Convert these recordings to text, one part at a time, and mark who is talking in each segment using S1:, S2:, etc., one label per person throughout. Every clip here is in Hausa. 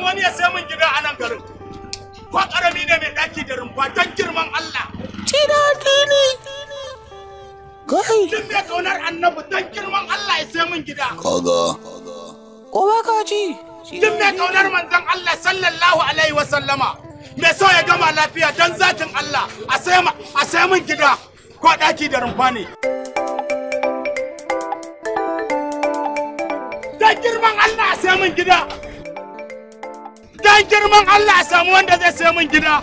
S1: samu wani ya sai min gida a nan garin ko karami ne mai daki da rumfa don girman Allah tina tini kai duk mai kaunar annabi don girman Allah ya sai min gida kaga ko ba ka ji duk mai kaunar manzon Allah sallallahu alaihi wa sallama mai so ya gama lafiya don zatin Allah a sai a sai min gida ko daki da rumfa ne don girman Allah a sai min gida dan girman Allah a samu wanda zai sai min gida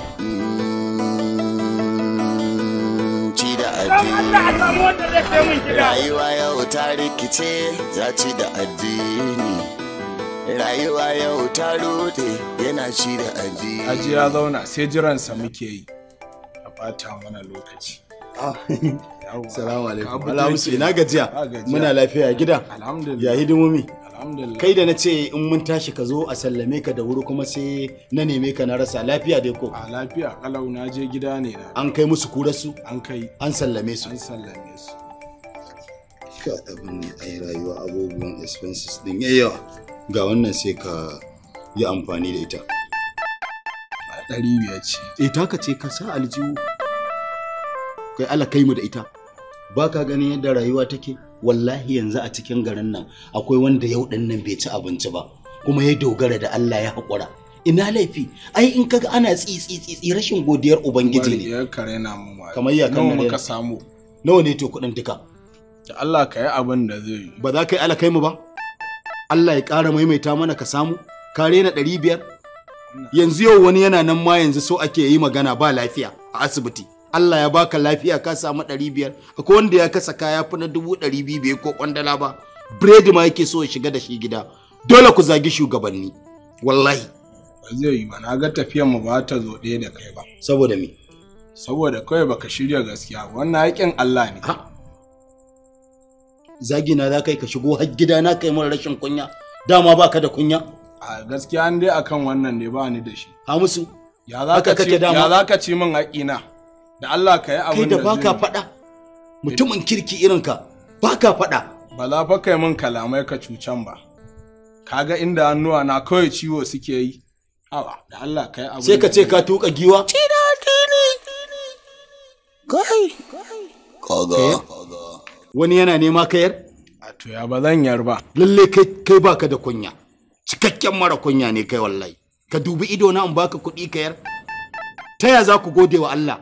S2: Rayuwa yau ta rikice za ci da addini. Rayuwa yau ta rute yana ci da addini. Aji ya zauna sai jiransa muke yi a bata mana lokaci. Ah, salamu alaikum. Alhamdulillah. ina gajiya. Muna lafiya gida. Ya hidimomi. kai da na ce in mun tashi ka zo a sallame ka da wuri kuma sai na neme ka na rasa lafiya dai ko a lafiya kalau na je gida ne na an kai musu kura su an kai an sallame su an sallame su ka abin ne ai rayuwa abubuwan expenses din yawa ga wannan sai ka yi amfani da ita a ɗari biyar ce ita e, ka ce ka sa aljihu kai ala kai mu da ita ba ka ganin yadda rayuwa take wallahi yanzu a cikin garin nan akwai wanda yau ɗin nan bai ci abinci ba kuma ya dogara da Allah ya haƙura ina laifi ai in kaga ana tsitsi tsitsi rashin godiyar ubangiji ne kamar ya kan nan ka samu nawa ne to kuɗin duka da Allah ka yi abin da zai ba za ka yi alakai mu ba Allah ya ƙara maimaita mana ka samu ka rena ɗari biyar yanzu yau wani yana nan ma yanzu so ake yi magana ba lafiya a asibiti Allah ya baka lafiya ka samu ɗari biyar akwai wanda ya kasa kaya fi na dubu ɗari biyu bai ko kwandala ba biredi ma yake so ya shiga da shi gida dole ku zagi shugabanni wallahi ba zai yi ba na ga tafiyan mu ba ta zo ɗaya da kai ba saboda me saboda kawai baka shirya gaskiya wannan haƙƙin Allah ne zagi na za kai ka shigo har gida na kai mun rashin kunya dama baka da kunya a gaskiya an dai akan wannan ne ba ni da shi ha musu ya za ka ci min haƙƙina da Allah ka yi abin da baka faɗa mutumin kirki irin ka baka faɗa za fa kai min kalamai ka cucan ba kaga inda hannuwa na kawai ciwo suke yi hawa da Allah ka yi abin sai ka ce ka tuka giwa tina tini kai kaga wani yana nema kayar a to ya ba zan yar ba lalle kai kai baka da kunya cikakken mara kunya ne kai wallahi ka dubi ido na in baka kuɗi kayar ta ya za ku gode wa Allah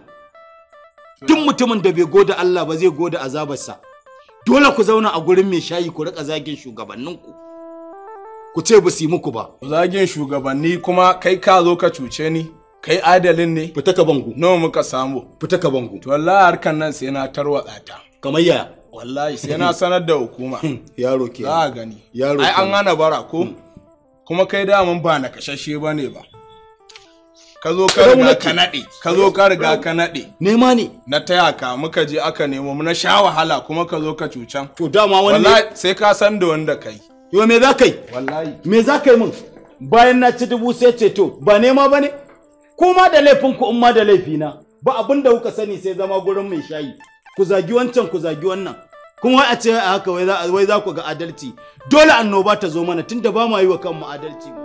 S2: duk mutumin da bai goda Allah ba zai goda azabarsa dole ku zauna a gurin mai shayi ku rika zagin shugabanninku ku ce ba su yi muku ba zagin shugabanni kuma kai ka zo ka cuce ni kai adalin ne fita ka bangu nawa muka samu fita ka bangu to wallahi harkan nan sai na tarwatsa ta kamar yaya wallahi sai na sanar da hukuma hmm, yaro ke za a gani yaro ai an hana bara ko hmm. kuma kai da mun ba na kashashe bane ba ka zo ka riga ka naɗe ka zo ka riga ka naɗe nema ne na taya ka muka je aka nemo mu na sha wahala kuma ka zo ka cucan to dama wani wallahi sai ka san da wanda kai yo me za kai wallahi me za kai mun bayan na ci dubu sai ce to ba nema ba ne kuma da laifin ku umma da laifina ba abin da kuka sani sai zama gurin mai shayi ku zagi wancan ku zagi wannan kuma wai a ce haka wai za ku ga adalci dole annoba ta zo mana tunda ba ma yi wa kanmu adalci ba